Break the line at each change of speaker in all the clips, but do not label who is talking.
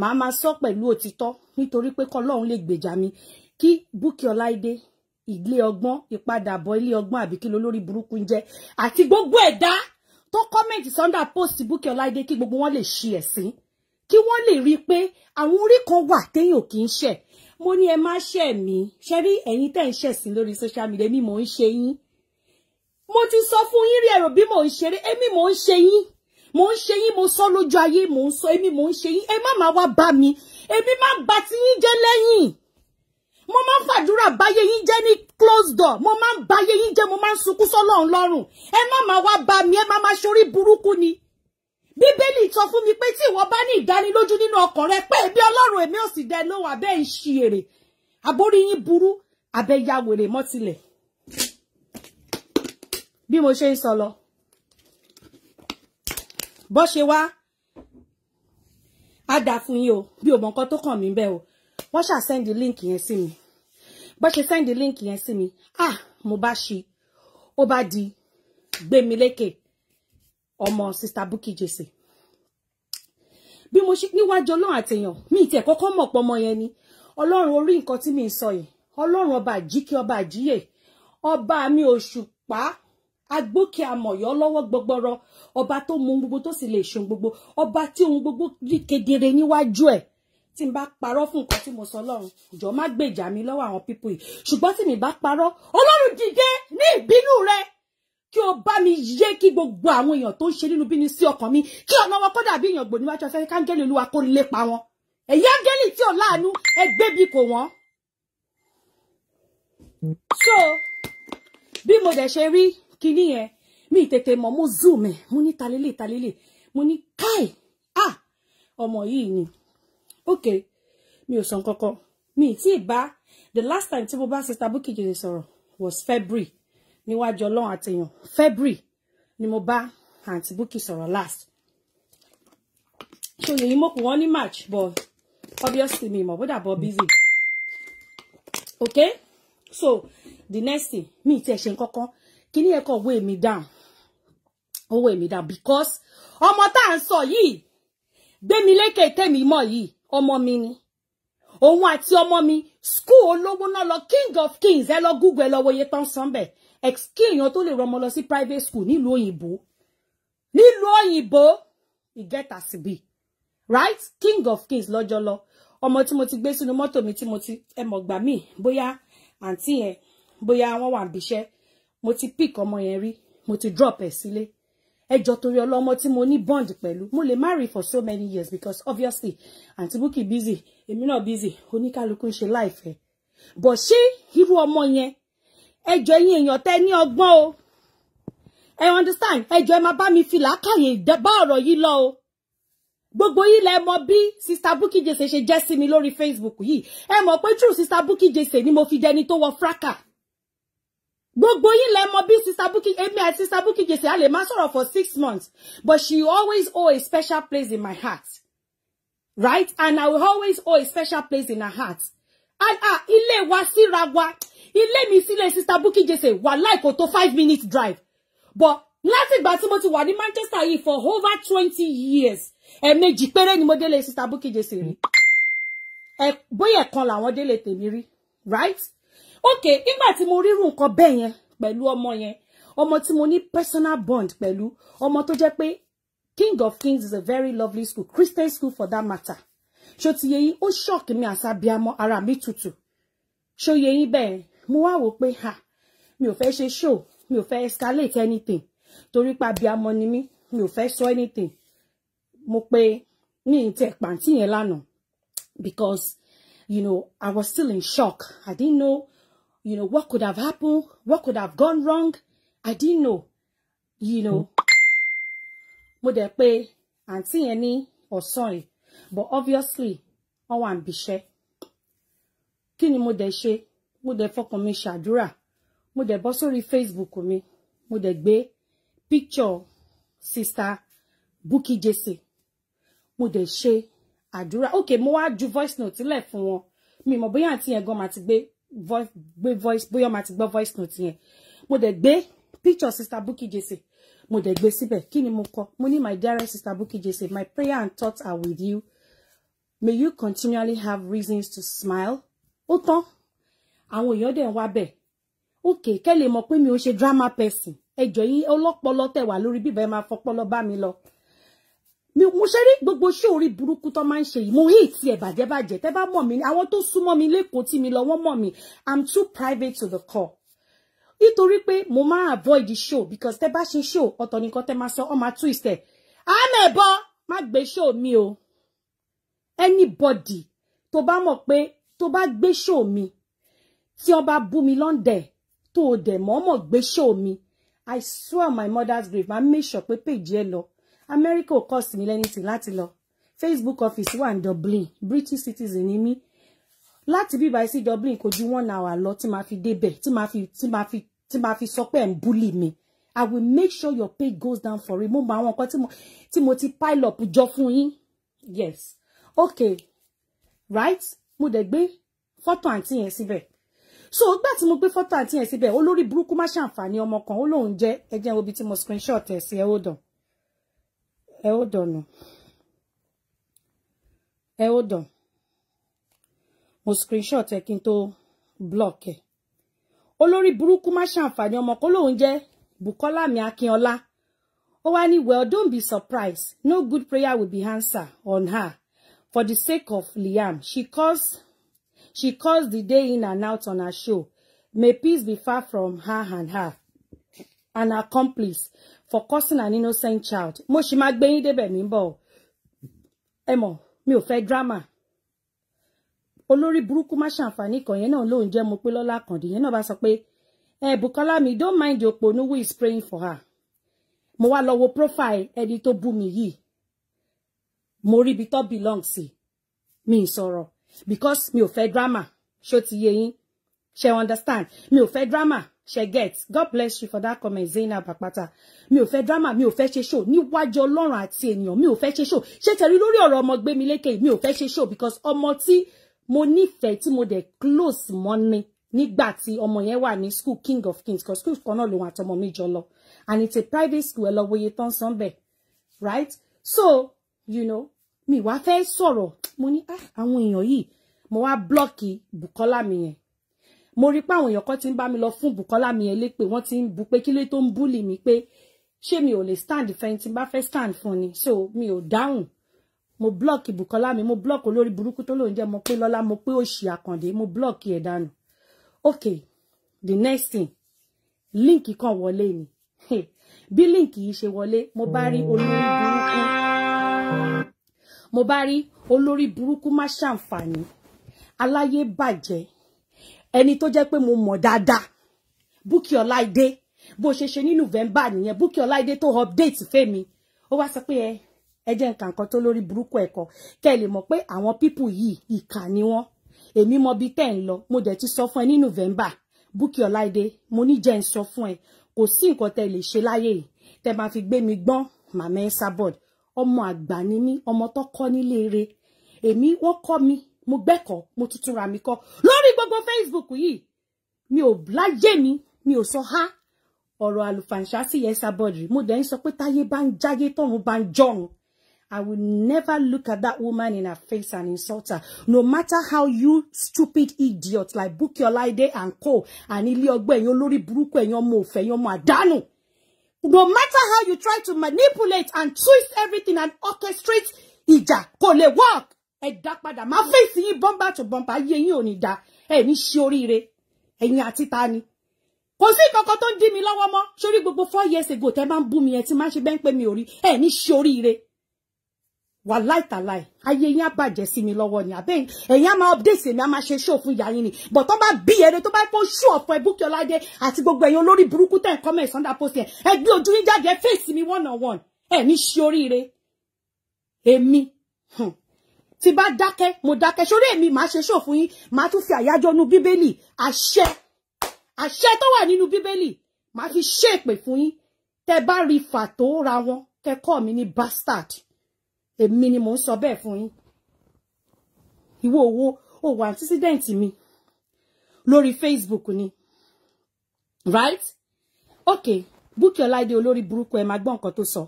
màá máa sọ pẹ̀lú òtítọ́ nítorí pé kọ́lọ́run lè gbèjà mi kí Bukky Ọláìdé ilé ọgbọ́n ìpadàbọ̀ ilé ọgbọ́n àbí kí lolórí burúkú ń jẹ́ àti gbogbo ẹ̀dá tó kọ́mẹ̀ntì sunday post Bukky Ọláìdé kí gbogbo wọn lè ṣí ẹ̀sìn kí wọ́n lè rí i pé àwọn orí kan wà téèyàn kì í ṣẹ̀ mo ní ẹ má ṣẹ̀ mí ṣe rí ẹ̀yin tẹ́ ń ṣẹ̀sìn lórí social media mi mò ń ṣe yín mo ti sọ fún yín rí ẹ̀rọ bí mò ń ṣeré èmi mò ń ṣe yín mo ń ṣe yín mo sọ lójú ayé mo ń sọ èmi mo ń ṣe yín ẹ má máa wá bá mi èmi má gba ti yín jẹ́ lẹ́yìn mo máa ń fàdúrà báyé yín jẹ́ ní close door mo máa ń báyé yín jẹ́ mo máa ń sunkún sọ́lọ́run lọ́rùn ẹ má máa wá bá mi ẹ má máa ṣorí burúkú ni bíbélì sọ fún mi pé tí ìwọ bá ní ìdánilójú nínú ọkàn rẹ pé èmi ọlọ́run èmi ò sì dẹ lóhùn abẹ́ ń àbórí yín burú abẹ́ ya wèrè mọ́tilẹ̀ bí mo ṣe ń sọ lọ bó ṣe wá á dà fún yín o bí o mọ nǹkan tó kàn mí bẹ́ẹ̀ o wọ́n ṣà sẹ́ndì líǹkì yẹn sí mi bó ṣe sẹ́ndì líǹkì yẹn sí mi ah mo bá ṣe ó bá di gbémilékè ọmọ sista Bukky Jesse bí mo ṣe níwájú ọlọ́run àtèèyàn mi ìtì ẹ̀kọ́ mọ̀ pọ̀ ọmọ yẹn ni ọlọ́run orí nǹkan tí mi ń sọ yìí ọlọ́run ọba àjíkẹ́ ọba àjíyè ọba mi òṣùpá agbókè amọ̀yọ́ lọ́wọ́ gbọgbọrọ ọba tó mọ ohun gbogbo tó sì lè ṣe ohun gbogbo ọba tí ohun gbogbo rí kedere níwájú ẹ̀ tí n bá parọ́ fún nǹkan tí mo sọ ọlọ́run ìjọ má gbèjà mi lọ́wọ́ àwọn pípò yìí ṣùgbọ́n tí mi bá parọ́ ọlọ́run dìde ní ìbínú rẹ kí o bá mi yé kí gbogbo àwọn èèyàn tó ń ṣe nínú bíní sí ọkàn mi kí ọ̀nà wọn kó dàbí èèyàn gbòdì níwájú afẹ́fẹ́ káńgẹ́lì olúwa kó lépa wọn èyí áńgẹ́lì tí ò láàánú ẹgbẹ́ bí kò wọ́n. so bí mo dẹ̀ ṣe rí Kini yẹn e. mi tètè mọ̀ mo zoom ẹ̀ mo ní talélè talélè mo ní káì ah ọmọ yìí ni ok mi ò sọ kankan mi tí ì the last time tí mo bá sista Bukky Jesse sọ̀rọ̀ was February níwájú ọlọ́run àtẹ̀yàn February ni mo ba àǹtí Bukky sọ̀rọ̀ last ṣe yìí mo pè wọ́n ní March but obviously mi mọ̀ bó dàbọ̀ busy ok so the next thing mi ì tiẹ̀ ṣe nǹkan Kini eko weigh me down ó weigh me down because omo ta à ń sọ yìí gbémilékè tèmi mọ̀ yìí ọmọ mi ni òun àti ọmọ mi school logo na lo king of kings ẹ lọ google ẹ lọ wòye tán sanbẹ kí èèyàn tó lè rọmọ lọ sí private school lo òyìnbó nílùú òyìnbó ìgẹ́ta síbi right king of kings lọ́jọ́ lọ ọmọ tí mo ti gbé sínú mọ́tò mi tí mo ti ẹ mọ̀ gbà mí bóyá àǹtí yẹn bóyá wọ́n wà níbi iṣẹ́ mo ti pick ọmọ yẹn rí mo ti drop ẹ̀ sílé ẹjọ́ torí ọlọ́mọ tí mo ní bond pẹ̀lú mo lè marry for so many years because obviously àǹtí Bukky busy èmi náà busy oníkálukú ń ṣe láìfẹ́ bọ̀ ṣé irú ọmọ yẹn ẹjọ́ ẹ̀yin èèyàn tẹ́ ní ọgbọ́n o ẹ understand ẹjọ́ ẹ máa bá mi fi làákàyè bá ọ̀rọ̀ yìí lọ o gbogbo yìí lẹ mọ bí sista Bukky Jesse ṣe jẹ́ sí mi lórí Facebook yìí ẹ mọ̀ pé true sista Bukky Jesse ni mo fi dẹni tó wọ fraka gbogbo yín lẹ mọ̀ bí sister Bukky èmi àti sister Bukky Jesse a lè máa sọ̀rọ̀ for six months but she always owe a special place in my heart right and I will always owe a special place in her heart and ah ilé wa síra wa ilé mi sílé sister Bukky Jesse wà láìkò tó five minute drive but láti ìgbà tí mo ti wà ní Manchester yìí for over twenty years ẹ̀ẹ̀mejì péré ni mo délé sister Bukky Jesse rí bóyá ẹ̀kan làwọn délé tèmi rí right okay nígbà tí mo rírun nǹkan bẹ́ẹ̀ yẹn pẹ̀lú ọmọ yẹn ọmọ tí mo ní personal bond pẹ̀lú ọmọ tó jẹ́ pé King of Kings is a very lovely school Christian school for that matter ṣó ti yẹ yín ó ṣọ́ọ̀kì mi àṣàbíamọ ara mi tutù ṣó yẹ yín bẹ́ẹ̀ mo wá wò pé ha mi ò fẹ́ ṣe show mi ò fẹ́ escalate anything torí pa abiamọ ni mí mi ò fẹ́ sọ anything mo pe mi ì tẹ pàǹtí yẹn lánàá because you know I was still in shock I didn't know you know, what could have happened? What could have gone wrong? I didn't know, you know. Mo dẹ̀ pé àǹtí yẹn ní ọ̀sán yìí, but obviously wọ́n wà ń bìṣẹ́. Kí ni mo dẹ̀ ṣe? Mo dẹ̀ fọkàn mi ṣàdúrà. Mo dẹ̀ bọ́ sórí Facebook mi. Mo dẹ̀ gbé picture sister Bukky Jesse. Mo dẹ̀ ṣe àdúrà. Okay, mo wá ju voice note sílẹ̀ fún wọn. Mi mọ̀ bóyá àǹtí yẹn gan máa ti gbé voice gbé voice bóyá ma ti gbọ́ voice note yẹn mo dẹ̀ gbé picture sister Buki Jesse mo dẹ̀ gbé síbẹ̀ kí ni mo kọ mo ní my dear sister Buki Jesse my prayer and thoughts are with you may you continually have reasons to smile ó tán àwọn èèyàn dẹ̀ ń wá bẹ̀ òkè kẹ́ mọ̀ pé mi ò ṣe drama person ẹjọ́ yín ọlọ́pọlọ tẹ̀ wá lórí bíbẹ̀ máa fọpọlọ bá mi lọ mi mo ṣe rí gbogbo ṣé orí burúkú tó máa ń ṣe mo hate ti ẹ̀ bàjẹ́ bàjẹ́ tẹ́ bá mọ̀ mí àwọn tó mi lẹ́kọ̀ọ́ tí mi lọ wọ́n mọ̀ mí i'm too private to the core nítorí pé mo máa avoid the show because tẹ́ bá ṣe show ọ̀tọ̀ nìkan tẹ́ máa sọ ọ́ máa twist ẹ̀ àmẹ́bọ má gbé show mi o anybody tó bá mọ̀ pé tó bá gbé show mi tí ọba bú mi lọ́ndẹ̀ tó o dẹ̀ mọ́mọ́ gbé show mi i swear my mother's grave máa make sure pé page ẹ lọ America ò kọ́ sí mi lẹ́nìtì láti lọ facebook office wà ní dublin british citizen ni mí láti bíbá sí dublin kò ju one hour lọ tí màá fi débẹ̀ tí màá fi tí màá fi tí màá fi sọ pé ẹ̀ ń búlì mi i will make sure your pay goes down for it mo mọ àwọn nǹkan tí mo tí mo ti pile up jọ fún yín yes okay right mo dẹ̀ gbé fọ́tò àǹtí yẹn síbẹ̀ so gbà tí mo gbé fọ́tò àǹtí yẹn síbẹ̀ olórí burúkú má ṣàǹfààní ọmọ kan ó lóun jẹ́ ẹ jẹ́ obi tí mo screenshot ẹ̀ sí ẹ̀ ó dàn ẹ ó dọ̀nà ẹ ó dàn mo screenshot ẹ kí n tó block ẹ olórí burúkú má ṣàǹfààní ọmọ Bukola mi Akínọlá ó wá ní well don't be surprised no good prayer will be answered on her for the sake of Liam she calls. she calls the day in and out on her show may peace be far from her and her and accomplice for causing an innocent child mo sì máa gbé yín débẹ̀ mi ń bọ̀ ẹ mi ò fẹ́ drama Olori burúkú má ṣàǹfààní kan yẹn náà ló ń jẹ́ mo pé lọ́lá àkàndé yẹn náà bá sọ pé ẹ eh, Bukola mi don't mind your ponu who is praying for her mo wa lọ wo profile ẹni tó bú mi yìí mo rí ibi tó belong sí mi sọ̀rọ̀ because mi ò fẹ́ drama ṣó ti yé She understand mi ò fẹ́ drama She get god bless you for that comment Zainab Apata mi ò fẹ́ drama mi ò fẹ́ ṣe show níwájú Ọlọ́run àti ènìyàn mi ò fẹ́ ṣe show ṣe tẹ̀rí lórí ọ̀rọ̀ ọmọ gbé mi lékè mi ò fẹ́ ṣe show because ọmọ tí mo fe ti mo de close money. ni nígbà tí ọmọ yẹn wà school king of kings cause school kan náà lòun àtọmọ mi jọ and it's a private school ẹ lọ wòye tán sanbẹ right so you know mi wá fẹ́ sọ̀rọ̀ mo ní ah àwọn èèyàn yìí mo wa blọọkì Bukola mi yẹn mo rí pé àwọn èèyàn kan ti ń bá mi lọ fún Bùkọ́lá mi elépè wọ́n ti ń bu pé kílé tó ń búlì mi pé ṣé mi ò lè stand fẹ́ tí n bá fẹ́ stand fún ni so mi ò dáhùn mo block Bukola mi mo block olórí burúkú tó lóun jẹ́ mo pé lọ́lá mo pé òṣì àkàndé mo block ẹ̀ dànù ok the next thing link kan wọlé ni bí link yìí ṣe wọlé mo bá rí olórí burúkú mo bá rí olórí burúkú má ṣàǹfààní aláyé bàjẹ́ ẹni tó jẹ́ pé mo mọ̀ dáadáa Bukky Ọláìdé bó ṣe ṣe ní November nìyẹn Bukky Ọláìdé tó update fẹ́mi ó wá sọ pé ẹ ẹ jẹ́ nǹkan kan tó lórí burúkú ẹ̀kọ́ kẹ́ ẹ lè mọ̀ pé àwọn pípù yìí ìkà ni wọ́n èmi mọ bíi tẹ́ ẹ̀ ń lọ mo dẹ̀ ti sọ fún ẹ ní November Bukky Ọláìdé mo ní jẹ́ ń sọ fún ẹ kò sí nǹkan tẹ́ ẹ lè ṣe láyé yìí tẹ́ máa fi gbé mi gbọ́n màmá ẹ ọmọ àgbà ni mí ọmọ tó kọ́ nílé re èmi wọ́n kọ́ mi mo gbẹ́kọ̀ọ́ mo tuntun ra mi kọ́ lórí gbogbo Facebook yìí mi ò láyé mi mi ò sọ ha ọ̀rọ̀ àlùfàǹṣá sí yẹsà bọ́ọ̀dì mo dẹ̀ ń sọ pé táyé bá ń jáyé tọ̀run bá ń jọ̀run I will never look at that woman in her face and insult her no matter how you stupid idiot like Bukki Olaide and co and ilé ọgbẹ́ ẹ̀yin olórí burúkú ẹ̀yin ọmọ òfẹ́ ẹ̀yin ọmọ àdánù no matter how you try to manipulate and twist everything and orchestrate ìjà kò lè work ẹ dá padà máa fèsì yín bọ́mbà tó bọ́mbà ayé yín ò ní dá ẹ ní ṣe oríire ẹ̀yin àti ta ni kò sí kankan tó ń dí mi lọ́wọ́ mọ́ sórí gbogbo four years ago tẹ́ máa ń bú mi ẹ ti máa ń ṣe bẹ́ẹ̀ pé mi ò rí ẹ ní ṣe oríire wà láìtàláì ayé yín á bàjẹ́ sí mi lọ́wọ́ ni àbẹ́ ẹ̀yin á máa update èmi á máa ṣe show fún ìyá yín ni but tó bá bí ẹni tó bá pọ́n ṣú ọ̀fọ̀ ẹ Búkì Ọláìdé àti gbogbo ẹ̀yin olórí burúkú tẹ̀ ń comment Sunday post ẹ̀ ẹ gbé ojú yín face mi one on one ẹ ní ṣe oríire èmi tí bá dákẹ́ mo dákẹ́ sórí èmi màá ṣe ṣòfin yín màá tún fi àyájọ́ nu bíbélì àṣẹ àṣẹ tó wà nínú bíbélì màá fi ṣe èpè fún yín tẹ bá rí fà tó ra wọn kẹkọ mi ní bastard èmi ni mò ń sọ bẹ́ẹ̀ fún Iwo ìwọ owó owó antecedent mi lórí Facebook ni right okay Bukki Ọláìdé olórí burúkú ẹ máa gbọ́ nǹkan tó sọ. So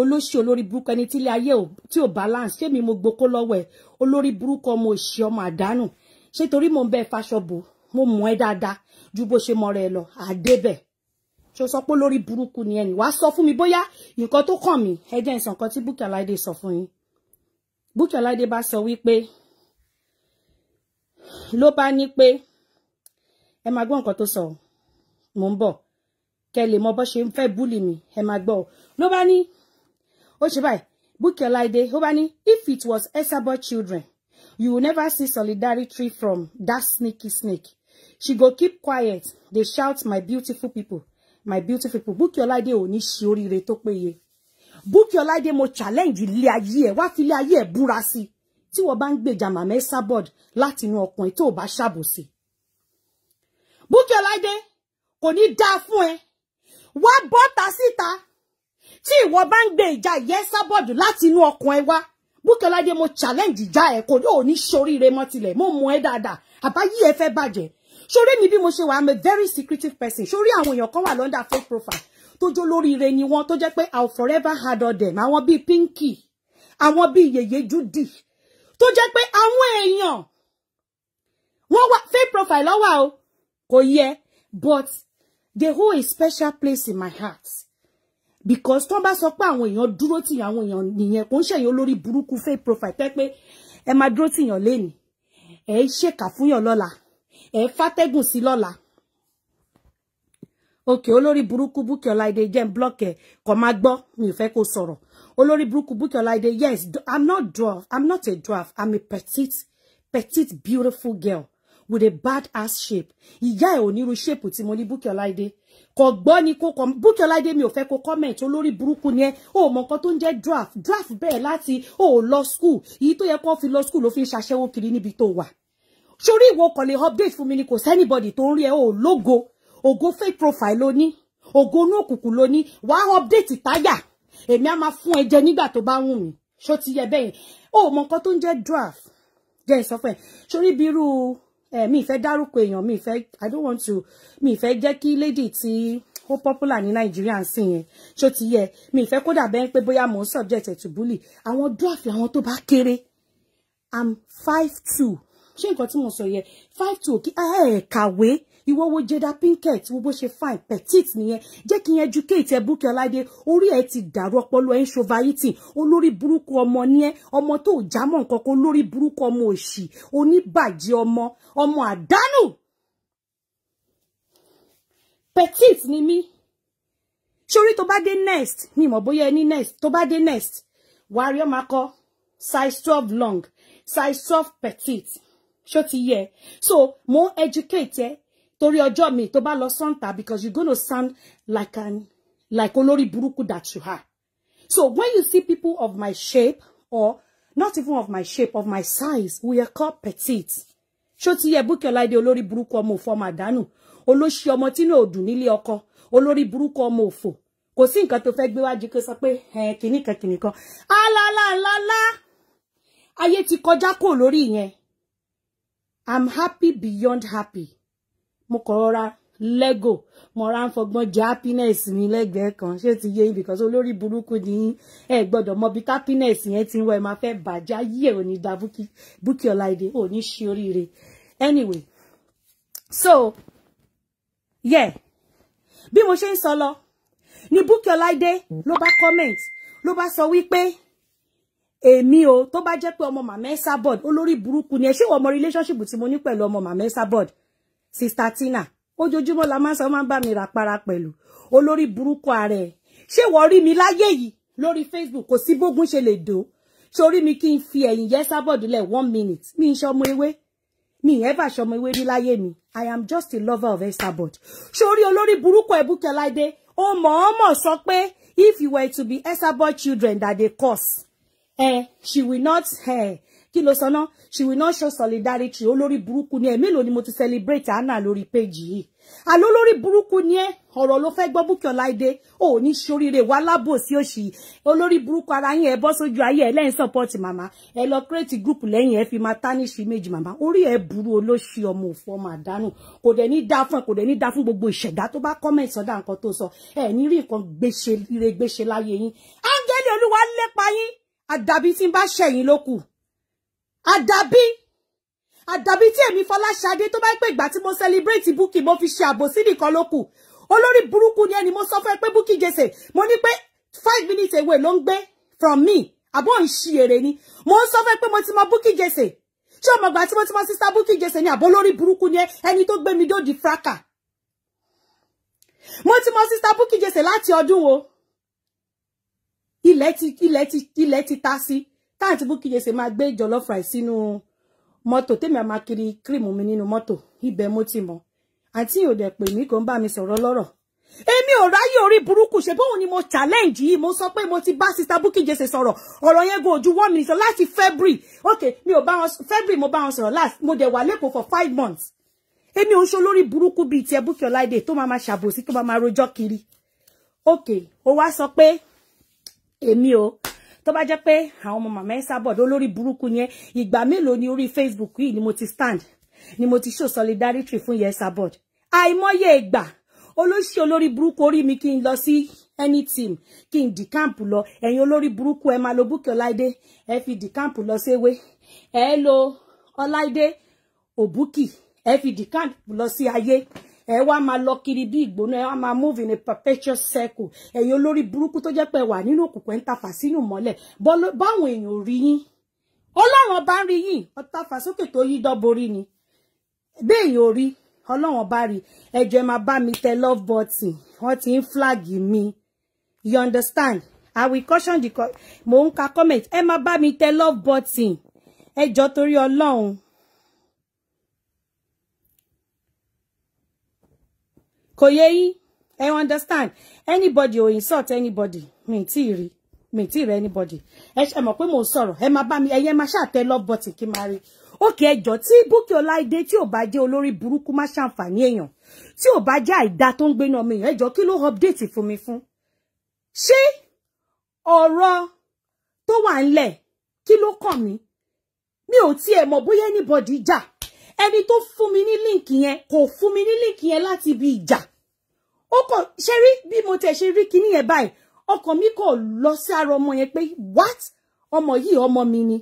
olóṣì olórí burúkú ẹni tí ilé ayé tí ò balance ṣé mi mo gboko lọ́wọ́ ẹ̀ olórí burúkú ọmọ òṣì ọmọ àdánù ṣé torí mò ń bẹ faṣọ bò mo mọ̀ ẹ́ dáadáa ju bó ṣe mọ̀ rẹ̀ lọ àdébẹ̀ ṣe sọ pé lórí burúkú ni ẹnì wàá sọ fún mi bóyá nǹkan tó kàn mí ẹ jẹ́ ìsàn kan tí Bukky Aláìdé sọ fún yín Bukky Aláìdé bá sọ wípé ló bá ní pé ẹ máa gbọ́ nǹkan tó sọ mò ń bọ̀ kẹ́ lè mọ bó ṣe ń fẹ́ búlì mi ẹ máa gbọ́ ló bá ní ó ṣe báyìí Bukky Ọláìdé ó bá ní if it was Esabod children you will never see solidarity from that sneaky snake she go keep quiet dey shout my beautiful people my beautiful people Bukky Ọláìdé ò ní ṣe oríire tó péye Bukky Ọláìdé mo challenge ilé ayé ẹ wá fi ilé ayé ẹ búra sí tí wọ́n bá ń gbèjà màmá Esabod láti inú ọkùnrin tó bá ṣàbòsí Bukky Ọláìdé kò ní dáa fún ẹ wá bọ́ta síta tí ìwọ bá ń gbé ìjà Ìyẹ́sábọ̀dù láti inú ọkàn ẹ wá Búkẹ́ládé mo challenge ìjà ẹ kò yóò ní ṣoríire mọ́ tilẹ̀ mo mọ̀ ẹ́ dáadáa àbáyé ẹ fẹ́ bàjẹ́ ṣoré ni bí mo ṣe wà I'm a very secretive person ṣorí àwọn èèyàn kan wà lọ́ndà fake profile tó jó lóríire ni wọ́n tó jẹ́ pé I'll forever hard them àwọn bíi Pinky àwọn bíi Yèyé Judy tó jẹ́ pé àwọn èèyàn wọ́n wá fake profile lọ́wọ́ o kò yẹ but they hold a special place in my heart because tó bá sọ pé àwọn èèyàn dúró tì àwọn èèyàn nìyẹn kò ń ṣẹ̀yìn olórí burúkú fake profile tẹ́ pé ẹ máa dúró tì yàn lénìí ẹ ṣèkà fún yàn lọ́la ẹ fàtẹ́gùn sí lọ́la òkè olórí burúkú Bukki Ọláìdé jẹ́ ń block ẹ̀ kò máa gbọ́ mi ò fẹ́ kó sọ̀rọ̀ olórí burúkú Bukki Ọláìdé yes i'm not dwarf i'm not a dwarf i'm a petite petite beautiful girl with a bad ass shape ìyá ẹ̀ onírú shape tí mo ní Búkì Ọláìdé kò gbọ́ ni kò kọ́ Búkì Ọláìdé mi ò fẹ́ kó comment olórí burúkú ni ẹ́ o mọ nǹkan tó ń jẹ́ draft draft bẹ́ẹ̀ láti o lọ school èyí tó yẹ kó fi lọ school ló fi ń ṣaṣẹ́wó kiri níbi tó wà sórí ìwọ kò lè update fún mi ni kò sẹ́nibọ̀dì tó ń rí ẹ o lógo ògo fake profile ló ní ògo inú òkùnkùn ló ní wàá update táyà èmi á máa fún ẹ jẹ nígbà tó bá wù mí ṣó ti yẹ bẹ́yìn o mọ nǹkan tó ń jẹ́ draft jẹ́ ìsọfẹ́ sórí bírú eh, mi fẹ́ dárúkọ èèyàn mi fẹ́ i don't want to mi fe jẹ́ kí lady tí ó popular ní nàìjíríà ń sìn yẹn ṣó ti yẹ mi fẹ́ kódà bẹ́ẹ̀ pé bóyá mò subject to bully àwọn draft àwọn to bá kéré i'm five two ṣé nǹkan tí mo sọ yẹ five two kí ẹ kàwé ìwọ wo Jada Pinkett wo bó ṣe fine petite nìyẹn jẹ́ kí educate ẹ Búkẹ́ Ọláìdé orí ẹ ti dàrú ọpọlọ ẹ ń ṣovaìtì olórí burúkú ọmọ ni ẹ ọmọ tó jámọ́ nǹkan kan olórí burúkú ọmọ òṣì oníbàjẹ́ ọmọ ọmọ àdánù petite ni mí sórí tó bá dé next mi mọ̀ bóyá ẹni next tó bá dé next wàá rí size twelve long size twelve petite ṣó ti yẹ so mo educate torí ọjọ́ mi tó bá lọ sọ́ǹtà because you gonna sound like an like olórí burúkú that you are so when you see people of my shape or not even of my shape of my size we are called petite ṣó ti yẹ Bukky Ọláìdé olórí burúkú ọmọ òfò ọmọ àdánù olóṣì ọmọ tínú òdùn nílé ọkọ olórí burúkú ọmọ òfò kò sí nǹkan tó fẹ́ gbé wájú kó sọ pé kìnnìkan kìnnìkan alálàlálá ayé ti kọjá kò lórí ìyẹn i'm happy beyond happy mo kọ̀ rọra lego mo ra ń fọgbọ́n jẹ happiness mi lẹ́gbẹ̀ẹ́ kan ṣé ti yé ibì kan so burúkú ni ẹ gbọ́dọ̀ mọ bí happiness yẹn ti ń wọ ẹ máa fẹ́ bàjẹ́ ayé ò ní da Bukky Ọláìdé ò ní ṣe oríire anyway so yeah bí mo ṣe ń sọ lọ ni Bukky Ọláìdé ló bá comment ló bá sọ wípé èmi o tó bá jẹ́ pé ọmọ màmá ẹ olórí burúkú ni ẹ ṣé wọ́n mọ relationship tí mo ní pẹ̀lú ọmọ màmá ẹ sista Tina ojoojúmọ́ la máa ń sọ máa mi rà para Olori olórí burúkú ara ẹ̀ ṣé mi láyé yìí Lori Facebook kò sí bógun ṣe lè dò sórí mi kí n fi ẹ̀yìn yẹ́ sábọ̀dúlẹ̀ one minute mi ń ṣọmọ ewé mi ẹ̀ bá ṣọmọ ewé rí láyé mi I am just a lover of Esabod sórí olórí burúkú ẹ̀bùkẹ́ láìdé ó mọ̀ọ́mọ̀ sọ pé if you were to be Esabod children that they cause. eh, she will not eh, kí ló sọ she will not show solidarity olórí burúkú ni ẹ mélòó ni mo ti celebrate anna lórí péjì yìí àló lórí burúkú ni ẹ ọ̀rọ̀ ló fẹ́ gbọ́ Bùkí Ọláìdé ò ní ṣoríire wà lábòsí òṣì olórí burúkú ara yín ẹ bọ́ sójú ayé ẹ lẹ́yìn support mama. ẹ lọ create group lẹ́yìn ẹ fi máa tarnish image màmá orí ẹ burú olóṣì ọmọ òfò ọmọ àdánù kò dẹ̀ ní dá fún ẹ kò dẹ̀ ní dá fún gbogbo ìṣẹ̀dá tó bá comment sọ́dá nǹkan tó sọ ẹ ní rí nǹkan gbéṣe ire gbéṣe láyé yín áńgẹ́lì olúwa lépa yín àdàbí tí ń bá ṣẹ̀yìn lókù Adabi. àdàbí tí èmi Fọláṣadé tó bá pè ìgbà tí mo celebrate Bukky mo fi ṣe àbòsí nìkan ló kù olórí burúkú ni ẹni mo sọ fún ẹ pé Bukky Jesse mo ní pé five minutes away ló ń gbé from me àbọ̀ ń ṣi èrè ni mo ń sọ fún ẹ pé mo ti mọ Bukky Jesse ṣé ọmọ ìgbà tí mo ti mọ sister Bukky Jesse ni àbọ̀ olórí burúkú ni ẹni tó gbé mi dòdì fraka mo ti mọ sister Bukky Jesse láti ọdún wo ilẹ̀ ti ilẹ̀ ti ilẹ̀ ti ta sí. Si táà tí Bukky Jesse máa gbé jollof rice sínú mọ́tò tèmi àmà kiri kírìmù mi nínú mọ́tò ibẹ̀ mo ti mọ̀ àǹtí ò dẹ̀ pè mí kò ń bá mi sọ̀rọ̀ lọ́rọ̀ èmi ò ráyè orí burúkú ṣe bóun ni mo challenge yìí mo sọ pé mo ti bá sista Bukky Jesse sọ̀rọ̀ ọ̀rọ̀ yẹn go ojú one minute last February okay mi o bá wọn February mo bá wọn sọ̀rọ̀ last mo de wa leko for five months èmi ò buruku ṣe olórí burúkú bíi tiẹ̀ Bukky Ọláìdé tó máa máa ṣàbòsí tó máa máa rojọ́ kiri okay ó wá sọ pé èmi o tó bá jẹ́ pé àwọn ọmọ màmá ẹ̀ sábọ̀dọ̀ olórí burúkú yẹn ìgbà mélòó ni orí Facebook yìí ni mo ti stand ni mo ti show solidarity fún yẹn sábọ̀d àìmọye ìgbà olóṣì olórí burúkú orí mi kí n lọ sí any team kí n dì káàmpù lọ ẹ̀yin olórí burúkú ẹ máa lo Bùkẹ́ Ọláìdé ẹ fi dì káàmpù lọ séwé ẹ lo Ọláìdé Òbúkì ẹ fi dì káàmpù lọ sí ayé ẹ wá máa lọ kiri bí ìgbóná ẹ wá máa move in a perpetual circle ẹ̀yin olórí burúkú tó jẹ́ pé wà nínú òkùnkùn ẹ̀ ń tafà sínú mọ́lẹ̀ báwọn èèyàn rí yín ọlọ́run ọba ń rí yín ọta fàsókè tó yí dọ́borí ni béèyàn ò rí ọlọ́run ọba rí ẹjọ́ ẹ máa bá mi tẹ love button wọ́n ti ń flag mi you understand i will caution the mo ń ka comment ẹ máa bá mi tẹ love button ẹjọ́ torí ọlọ́run. kò yé yín understand anybody ò insult anybody mi tí ì rí mi tí anybody ẹ ṣe mo pé mò ń sọ̀rọ̀ ẹ máa bá mi ẹyẹ máa ṣàtẹ love button kí n máa rí òkè ẹjọ́ tí Bukky Ọláìdé tí ò bá jẹ́ olórí burúkú má ṣàǹfààní èèyàn tí ò bá jẹ́ àìdá tó ń gbénu ọmọ èèyàn ẹjọ́ kí ló update fún mi fún ṣé ọ̀rọ̀ tó wà ńlẹ̀ kí ló kàn mí mi ò tiẹ̀ mọ̀ bóyá anybody ja. ẹni to fún mi ní líǹkì yẹn kò fún mi ní líǹkì yẹn láti ibi ìjà ó kàn ṣe rí bí mo tẹ̀ ṣe rí kinní yẹn báyìí ọkàn mi kò lọ sí ara ọmọ yẹn pé what ọmọ yìí ọmọ mi ni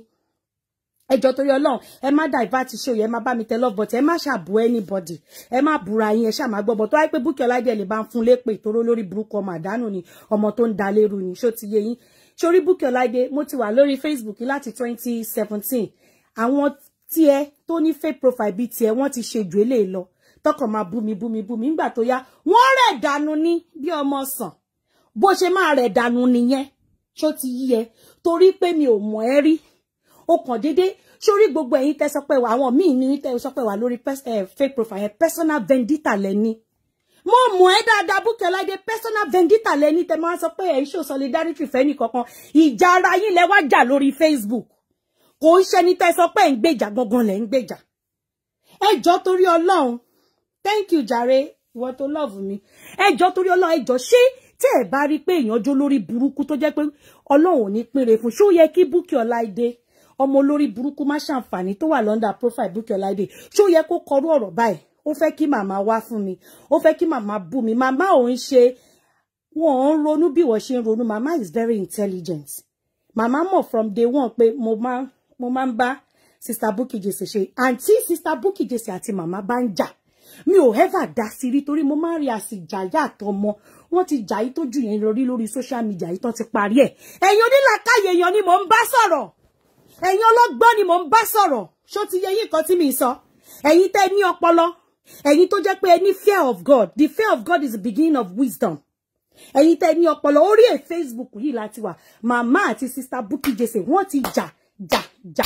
ẹjọ torí Ọlọ́run ẹ má divert show yẹn ẹ má bá mi tẹ love but ẹ má ṣàbù anybody ẹ má búra yín ẹ ṣàmà gbọbọ tó wáyé pé Búkì Ọláìdé lè bá ń fún lépè ìtòrò lórí burúkú ọmọ àdánù ni ọmọ tó ń da lérú ni ṣó ti yé yín sórí Búkì Ọláìdé mo ti wà lórí Facebook láti 2017 àwọn tiẹ̀ tó ní fake profile bíi tiẹ̀ wọ́n ti ṣe jù eléyìí lọ tọkàn máa bú mi bú mi bú mi nígbà tó yá wọ́n rẹ̀ dànù ni bí ọmọ sàn bó ṣe máa rẹ̀ dànù nìyẹn ṣó ti yí ẹ torí pé mi ò mọ̀ ẹ́ rí o kàn dédé sórí gbogbo ẹ̀yin tẹ́ sọ wà àwọn míì ní tẹ́ sọ wà lórí eh, fake profile personal vendita lẹ́ni mo mọ̀ ẹ́ dáadáa Búkẹ́ Láìdé personal vendita lẹ́ni tẹ́ máa ń sọ pé ẹ̀ ń solidarity fẹ́ni kankan ìjà ara yín lẹ wá jà lórí Facebook kò ń ṣẹni tẹ́ sọ pé ẹ̀ ń gbèjà gangan lẹ̀ ń gbèjà ẹ jọ̀ọ́ torí Ọlọ́run thank you jàre ìwọ tó love mi ẹjọ́ torí Ọlọ́run ẹjọ́ ṣé tẹ́ ẹ bá rí pé èèyàn jó lórí burúkú tó jẹ́ pé Ọlọ́run ò ní pínre fún ṣó yẹ kí Bukky Ọláìdé ọmọ olórí burúkú má ṣàǹfààní tó wà lọ́ndà profile Bukky Ọláìdé ṣó yẹ kó kọrú ọ̀rọ̀ báyìí ó fẹ́ kí màmá wá fún mi ó fẹ́ kí màmá bú mi màmá ò ń ṣe wọn ò ń ronú bí wọ́n ṣe ń ronú màmá is very intelligent màmá mọ̀ from day one pé mo máa ń bá sista Bukky Jesse ṣe àǹtí sista Bukky Jesse àti màmá bá ń jà mi ò ever dá sí rí torí mo máa ń rí àsìjàyà àtọmọ wọ́n ti jà yí tójú yẹn lórí lórí social media yìí tán ti parí ẹ̀ ẹ̀yin onílàkàyè èèyàn ni mò ń bá sọ̀rọ̀ ẹ̀yin ọlọ́gbọ́n ni mò ń bá sọ̀rọ̀ ṣó ti yẹ yín kan tí mi sọ ẹ̀yin tẹ́ ní ọpọlọ ẹ̀yin tó jẹ́ pé ẹ fear of God the fear of God is the beginning of wisdom ẹ̀yin tẹ́ ní ọpọlọ orí ẹ̀ Facebook yìí láti wà màmá àti sista Bukky Jesse wọ́n ti jà jà jà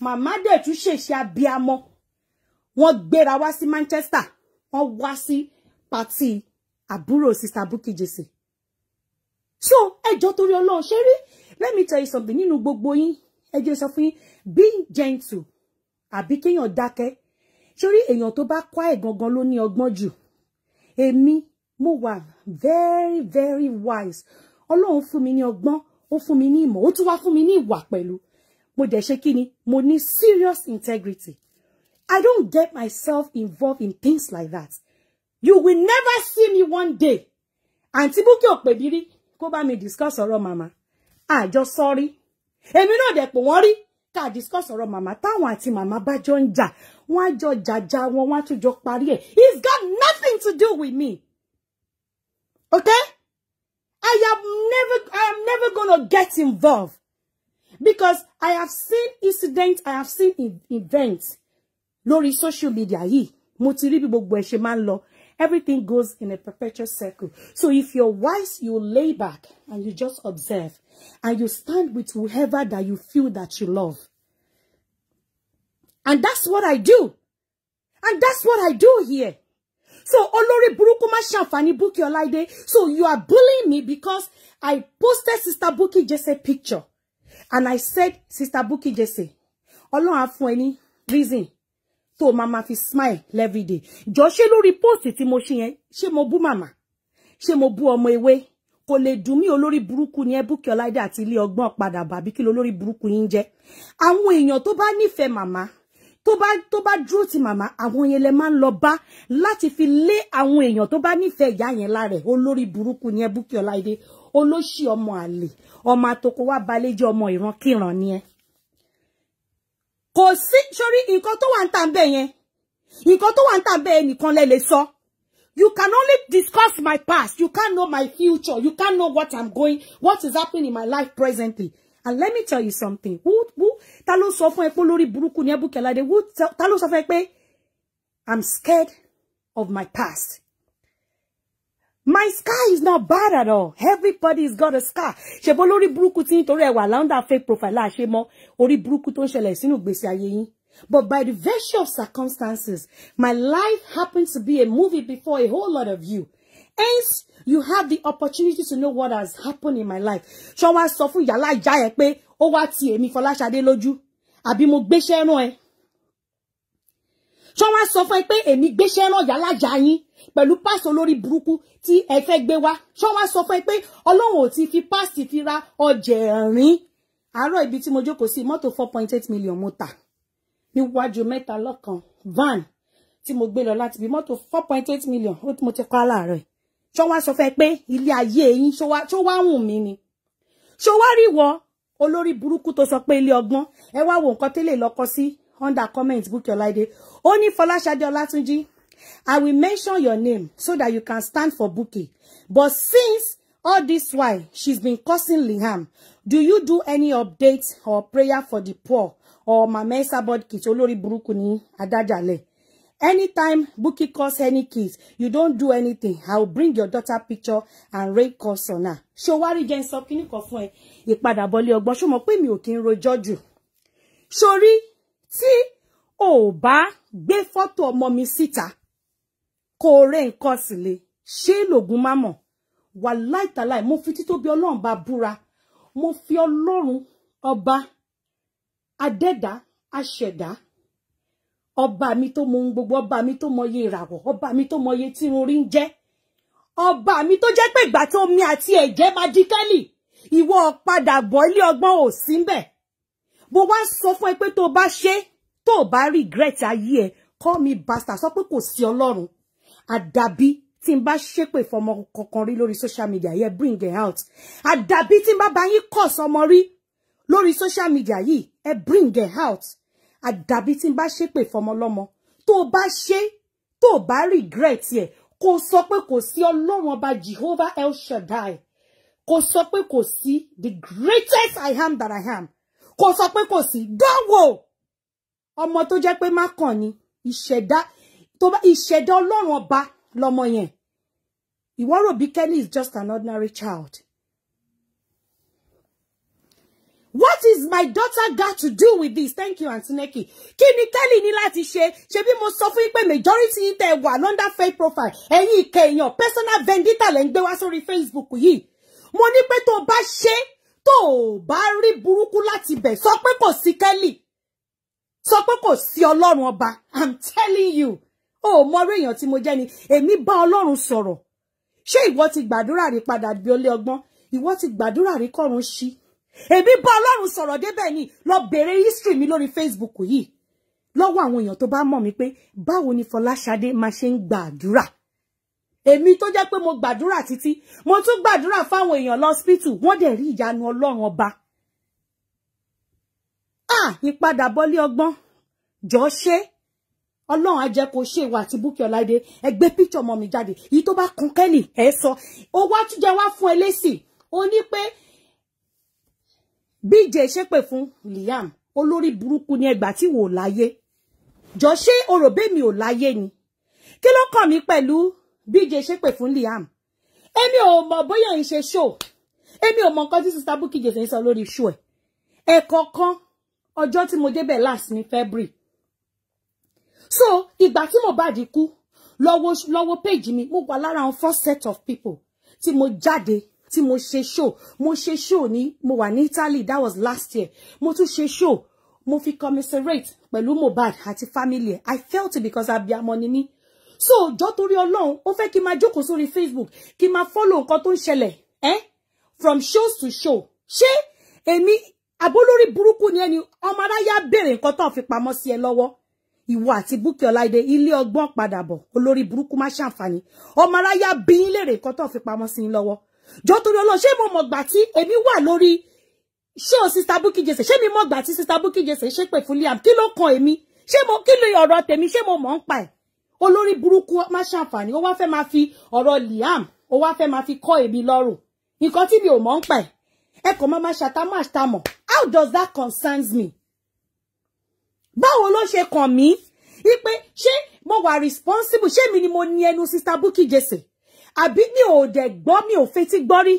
màmá dẹ̀ tún ṣèṣe abiyamọ wọ́n gbéra wá sí Manchester wọ́n wá sí pàtí àbúrò sista Bukky Jesse so ẹjọ́ torí Ọlọ́run ṣe rí let me tell you something nínú gbogbo yín ẹjọ́ sọ fún yín being gentle àbí kéèyàn dákẹ́ sórí èèyàn tó bá kọ́ ẹ̀ gangan ló ní ọgbọ́n jù èmi mo wà very very wise Ọlọ́run fún mi ní ọgbọ́n ó fún mi ní ìmọ̀ ó tún wá fún mi ní ìwà pẹ̀lú mo dẹ̀ ṣe kí ni mo ní serious integrity I don't get myself involved in things like that. You will never see me one day. Àǹtí Búkì Òpèbírí go bá mi discuss mama. I just sorry. And you know that wọ́n worry. ká discuss ọ̀rọ̀ mama. táwọn àti màmá bá jọ ń jà. Wọ́n á jọ jàjà wọn, wọ́n á tún jọ parí It's got nothing to do with me. Okay? I am never, I am never gonna get involved. Because I have seen incidents, I have seen e-, events lórí social media yìí mo ti rí bí gbogbo ẹ̀ ṣe máa ń lọ everything goes in a perpetual circle so if you're wise you lay back and you just observe and you stand with whoever that you feel that you love and that's what I do and that's what I do here so olórí burúkú má ṣàǹfààní Bukky Ọláìdé so you are bullying me because I posted Sister Bukky Jesse picture and I said Sister Bukky Jesse Ọlọ́run á fún reason So mama fi smile everyday jọ ṣé lori post tí mo ṣe yẹn ṣé mo bu mama. ṣé mo bu ọmọ ewé kò lè dùn mí olórí burúkú ni ẹbùkẹ́ ọláìdá àti ilé ọgbọ́n padà bàbí kí lolórí burúkú yín jẹ́ àwọn èèyàn tó bá nífẹ̀ẹ́ màmá tó bá tó bá dúró ti mama. àwọn yẹn lẹ máa ń lọ bá fi le àwọn èèyàn tó bá nífẹ̀ẹ́ ìyá yẹn lára ẹ̀ olórí burúkú ni ẹbùkẹ́ ọláìdé olóṣì ọmọ àlè ọmọ àtòkọ wá balẹ̀ jẹ́ ọmọ ìrankíran ni ẹ kò sí sórí nǹkan tó wà ń tà ń bẹ̀ yẹn nǹkan tó wà ń tà ń nìkan lẹ lè sọ you can only discuss my past you can't know my future you can't know what i'm going what is happening in my life presently and let me tell you something who who ta ló sọ fún ẹ pé lórí burúkú ni Ebukelade who ta ló sọ fún ẹ pé i'm scared of my past My scar is not bad at all. Everybody's got a scar. Ṣèbó lórí burúkú tí nítorí ẹwà láńdà fake profile láṣẹ mọ́ orí burúkú tó ń ṣẹlẹ̀ sínú ìgbésí ayé yín. But by the virtue of circumstances, my life happens to be a movie before a whole lot of you. Hence, you have the opportunity to know what has happened in my life. Ṣé wọ́n á sọ fún yàrá ìjà ẹ pé ó wá ti èmi Fọláṣadé lójú? Àbí mo gbéṣẹ́ rán ẹ? ṣọ wá sọ fún ẹ pé èmi gbéṣẹ́ rán yàlájà yín pẹ̀lú páàsì olórí burúkú tí ẹ fẹ́ gbé wá ṣọ wá sọ fún ẹ pé ọlọ́run ò ti fi páàsì fi ra ọjà ẹ̀rín àárọ̀ ibi tí mo jókòó sí mọ́tò four point eight million mo tà níwájú mẹ́ta lọ́kàn van tí mo gbé lọ láti bí mọ́tò four point eight million ó tí mo ti kọ́ aláàárọ̀ ẹ̀ ṣọ wá sọ fún ẹ pé ilé ayé yín ṣọ wá wùn mí ni ṣọ wá rí wọ olórí burúkú tó sọ pé ilé ọgbọ́n ẹ wá wo nǹkan tẹ́lẹ̀ lọ́kọ sí under comment Bukky Olaide. Ó ní Fọláṣadé Ọlátúnjí. I will mention your name so that you can stand for Bukky. But since all this while she's been cursing Liam, do you do any updates or prayer for the poor or Mama Esabod kids Burukuni burúkú ni Adajale? Anytime Bukky calls any kids, you don't do anything. I'll bring your daughter picture and rain calls on her. Ṣé worry wá So can you sọ for? kan fún ẹ? Ìpadàbọ̀lé ọgbọ́n ṣó mọ̀ pé mi ò kí ń rojọ́ jù tí ò bá gbé fọ́tò ọmọ mi síta kó o rẹ nǹkan sì le ṣé lògùn má mọ̀ wà láìtàláì mo fi títóbi ọlọ́run bá búra mo fi ọlọ́run ọba adẹ́dá aṣẹ̀dá ọba mi tó mọ ohun gbogbo ọba mi tó mọye ìràwọ̀ ọba mi tó mọye tí irun orí ń jẹ́ ọba mi tó jẹ́ pé ìgbà tó mi àti ẹ̀jẹ̀ máa di ìwọ padà bọ̀ ilé ọgbọ́n ò sí ń bẹ̀ mo wá sọ fún ẹ pé tó bá ṣe tó bá regret ayé ẹ call me bastard sọ pé kò sí Ọlọ́run àdàbí tí n bá ṣépè fọmọ kankan rí lórí social media yẹ bring it out àdàbí tí n bá bá yín kọ̀ sọmọ rí lórí social media yìí ẹ bring it out àdàbí tí n bá ṣépè fọmọ lọ́mọ tó bá ṣe tó bá regret ẹ kò sọ pé kò sí ọlọ́run ọba jehovah el shaddai kò sọ pé kò sí the greatest i am that i am kò sọ pé kò sí dánwò ọmọ tó jẹ́ pé má kàn ni ìṣẹ̀dá tó bá ìṣẹ̀dá Ọlọ́run ọba lọmọ yẹn ìwọ rò bí Kenny is just an ordinary child What is my daughter got to do with this? Thank you, Auntie Neki. Kí ni Kelly ní láti ṣe? Ṣebí mo sọ fún yín pé majority yín tẹ́ wà lọ́ndà fake profile. Ẹ̀yin ìkẹyàn personal vendita lẹ́ ń gbé wá sórí Facebook yìí. Mo ní pé tó o bá ṣe é tó o bá rí burúkú láti bẹ̀ sọ pé kò sí kẹ́lì sọ pé kò sí ọlọ́run ọba i'm telling you o ò mọ èèyàn tí mo jẹ́ ni èmi bá ọlọ́run sọ̀rọ̀ ṣé ìwọ ti gbàdúrà rí padà bí olé ọgbọ́n ìwọ ti gbàdúrà rí kọ́run ṣí èmi bá ọlọ́run sọ̀rọ̀ débẹ̀ ni lọ bèrè history mi lórí facebook yìí lọ́wọ́ àwọn èèyàn tó bá mọ̀ mí pé báwo ni Fọláṣadé máa ṣe ń gbàdúrà èmi tó jẹ́ pé mo gbàdúrà títí mo tún gbàdúrà fáwọn èèyàn lọ́sípítù wọ́n dẹ̀ rí ìyanu ọlọ́run ọba. à ah, ìpadàbọ̀lé ọgbọ́n jọ ṣe ọlọ́run á jẹ́ kó ṣe ìwà àti Bùkí Ọláìdé ẹgbẹ́ píkṣọ̀ ọmọ mi jáde èyí tó bá kun kẹ́lì ẹ̀ sọ ó wá wá fún ẹlẹ́sì ó ní pé BJ ṣépè fún Liam olórí burúkú ni ẹgbà tí wò láyé jọ ṣé oròbẹ́mi ò láyé ni kí ló kàn mí pẹ̀lú BJ ṣépè fún Liam èmi ò mọ̀ bóyá ń ṣe show èmi ò mọ̀ nǹkan tí sister Bukky Jesse ń sọ lórí show ẹ̀ ẹ̀kọ̀ọ̀kan ọjọ́ tí mo débẹ̀ last ní February so ìgbà tí Mohbad kú lọ́wọ́ lọ́wọ́ page mi mo wà lára àwọn first set of people tí mo jáde tí mo ṣe show mo ṣe show ní mo wà ní Italy that was last year mo tún ṣe show mo fi commiserate pẹ̀lú Mohbad àti family I felt it because abiamọ ni mí so òjọ́ torí ọlọ́run ó fẹ́ kí n máa jókòó sórí facebook kí n máa follow nǹkan tó ń ṣẹlẹ̀ eh? from shows to show ṣé èmi abólórí burúkú ni ẹni ọmọ aráyá béèrè nǹkan tó ń fi pamọ́ sí ẹ lọ́wọ́ ìwọ àti Búkì Ọláìdé ilé ọgbọ́n padà bọ̀ olórí burúkú má ṣàǹfààní ọmọ aráyá bí yín léèrè nǹkan tó ń fi pamọ́ sí yín lọ́wọ́ jọ torí ọlọ́run ṣé mo mọ̀ gbà tí èmi wà lórí ṣé o sista Bukky Jesse ṣé mi mọ̀ gbà tí sista Bukky Jesse ṣépè fún Liam kí ló kan èmi ṣé mo kí ló ọ̀rọ̀ tèmi ṣé mo mọ̀ ń pa ẹ̀ olórí burúkú má ṣàǹfààní ó wá fẹ́ máa fi ọ̀rọ̀ Liam ó wá fẹ́ máa fi kọ́ èmi lọ́rùn nǹkan tí mi ò mọ̀ ń pẹ̀ ẹ kàn máa máa ṣàtàmọ̀ àṣàmọ̀ how does that concerns me báwo ló ṣe kàn mí wípé ṣé mo wà responsible ṣé mi ni mo ní ẹnu sista Bukky Jesse àbí mi ò dẹ̀ gbọ́ mi ò fetí gbọ́ rí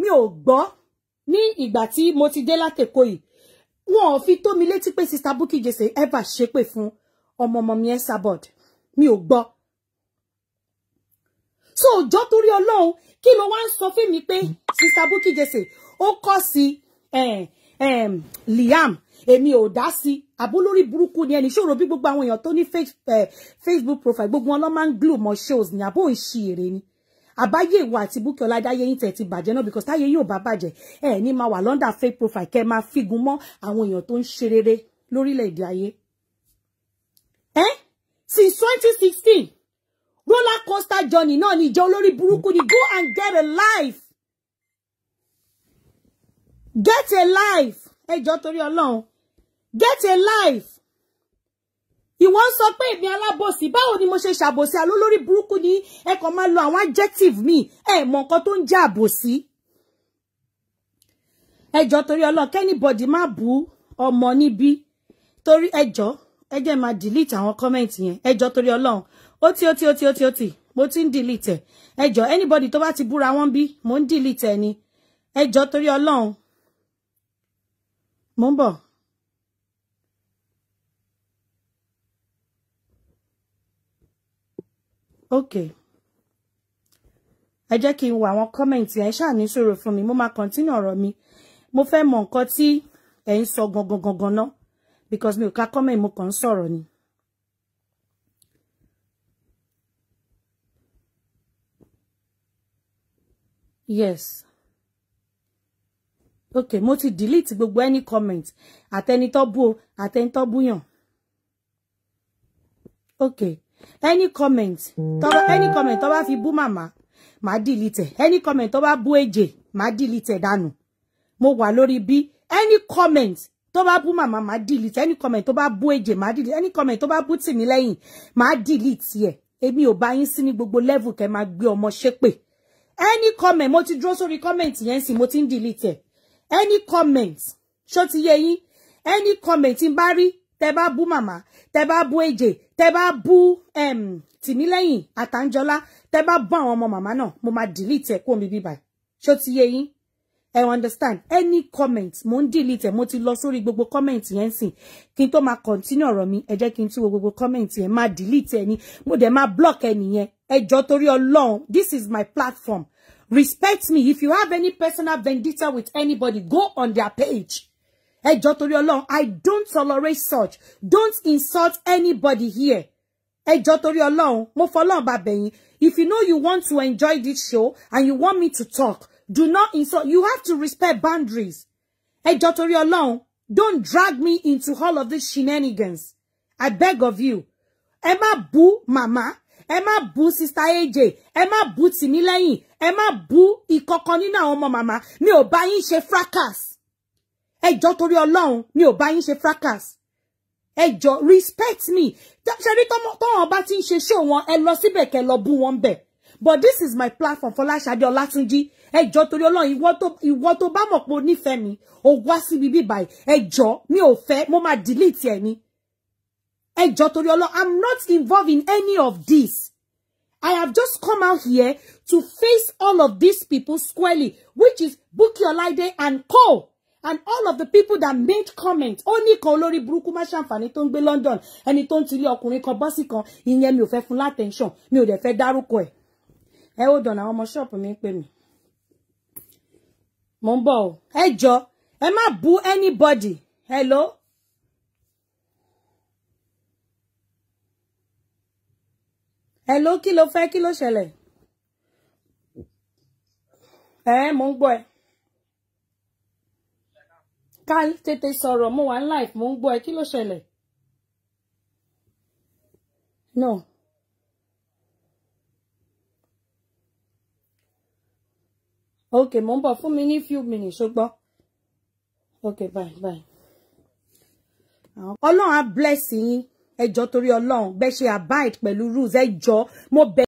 mi ò gbọ́ ní ìgbà tí mo ti dé látẹ̀kọ́ yìí wọn ò fi tó mi létí pé sista Bukky Jesse ever ṣépè fún ọmọ ọmọ mi ẹ sábọ̀dì mi ò gbọ́ so òjọ́ torí ọlọ́run kí ló wá ń sọ fún mi pé sista Bukky Jesse ó kọ́ sí eh, Liam èmi ò dá sí àbólórí burúkú ni ẹni ṣòro bí gbogbo àwọn èèyàn tó ní eh, Facebook profile gbogbo wọn lọ máa ń glue mọ shows ni àbó ìṣirè ni àbáyé ìwà àti Bukky ọládáyé yín tẹ̀ ti bàjẹ́ náà because táyé yóò bá bàjẹ́ ẹ ní máa wà lọ́ndà fake profile kẹ́ máa figun mọ́ àwọn èèyàn tó ń ṣe rere lórílẹ̀‐èdè ayé. Eh? since 2016, roller coaster journey náà ni ìjọ olórí burúkú ni go and get a life get a life ẹjọ́ torí Ọlọ́run get a life ìwọ ń sọ pé èmi alábòsí báwo ni mo ṣe ṣàbòsí alólórí burúkú ni ẹ kàn máa lo àwọn adjective mi ẹ mọ nǹkan tó ń jẹ́ àbòsí ẹjọ́ torí Ọlọ́run kẹ́nìbọ̀dì má bú ọmọ níbí torí ẹjọ́ ẹ jẹ́ máa delete àwọn comment yẹn ẹ jọ torí Ọlọ́run ó ti ó ti ó ti ó ti ó ti mo ti ń delete ẹ ẹ anybody tó bá ti búra wọn bí mo ń delete ẹ ni ẹ jọ torí Ọlọ́run mo ń bọ̀. okay ẹ jẹ́ kí n wo àwọn kọ́mẹ̀ǹtì ẹ ṣáà ní sọ̀rọ̀ fún mi mo máa kọ́ntínú ọ̀rọ̀ mi mo fẹ́ mọ nǹkan tí ẹ̀ ń sọ gangan gangan náà because mi ò ka comment mo kàn ń ni. yes okay mo ti delete gbogbo any comment àtẹni tó bú o àtẹni tó okay any comment tó any comment tó bá fi bu mama. màá delete any comment tó bá bú èjè màá delete dànù mo wà lórí bí any comment tó bá bú màmá máa delete any comment tó bá bú èjè máa delete any comment tó bá bú tì mí lẹ́yìn máa delete ye. èmi ò bá yín sí ní gbogbo level ke ma gbé ọmọ ṣépè any comment mo ti dúró sórí comment yẹn sì mo ti delete ye. any comment ṣó ti yé yín any comment tí n bá rí tẹ́ bá bú màmá tẹ́ bá bú èjè tẹ́ bá bú tìmílẹ́yìn àtàǹjọ́lá tẹ́ bá bú àwọn ọmọ màmá náà mo máa delete ẹ̀ ko mi bíbáyìí ṣó ti yé yín ẹ understand any comment mo ń delete ẹ mo ti lọ sórí gbogbo comment yẹn sìn kí n tó máa continue ọ̀rọ̀ mi ẹ jẹ́ kí n tún wo gbogbo comment yẹn máa delete ẹni mo dẹ̀ máa block ẹnìyẹn ẹ jọ torí Ọlọ́run this is my platform respect me if you have any personal vendetta with anybody go on their page ẹ jọ torí Ọlọ́run I don't tolerate such don't insult anybody here ẹ jọ torí Ọlọ́run mo fọlọ́run bá bẹ̀yín if you know you want to enjoy this show and you want me to talk Do not insult. You have to respect boundaries. Hey, jọ̀ọ́ torí don't drag me into all of these shenanigans. I beg of you. Emma má mama, Emma ẹ sister AJ, Emma má bú Emma ẹ má bú ìkọ̀kan nínú àwọn ọmọ màmá. Mi fracas. Hey jọ̀ọ́ torí ni mi she fracas. Hey jọ̀ọ́ respect me. Ṣé tomo tọ́wọ́n bá she show one ṣó wọn, ẹ lọ síbẹ̀ kẹ́ lọ but this is my platform Fọláṣadé Ọlátúnjí ẹjọ́ torí Ọlọ́run ìwọ tó ìwọ tó bá mọ̀ pé o nífẹ̀ẹ́ mi o wá síbi bíbáyìí ẹjọ́ mi ò fẹ́ mo máa delete ẹ̀ ni ẹjọ́ torí Ọlọ́run I'm not involved in any of this I have just come out here to face all of these people squarely which is Bukky Olaide and co and all of the people that made comment ó ní kan olórí burúkú má ṣàǹfààní tó ń gbé London ẹni tó ń tilé ọkùnrin kan bọ́sì kan ìyẹn mi ò fẹ́ fún látẹ̀ńṣàn mi ò dẹ̀ fẹ́ dárúkọ ẹ̀ ẹ ó dọ̀nà àwọn ọmọ ṣọ́ọ̀pù mi ń pè mí mo ń bọ̀ o ẹ jọ ẹ má bú anybody hello. hello kí ló fẹ́ kí ló ṣẹlẹ̀ ẹ mo ń gbọ́ ẹ ká tètè sọ̀rọ̀ mo wà ń live mo ń gbọ́ ẹ kí ló ṣẹlẹ̀ no. Okay, mo ń bọ̀ mi ní few minutes ó gbọ́ ok bye bye. ọlọ́run a bless yín ẹjọ́ torí ọlọ́run bẹ́ẹ̀ ṣe abide pẹ̀lú rules ẹjọ́ mo bẹ̀.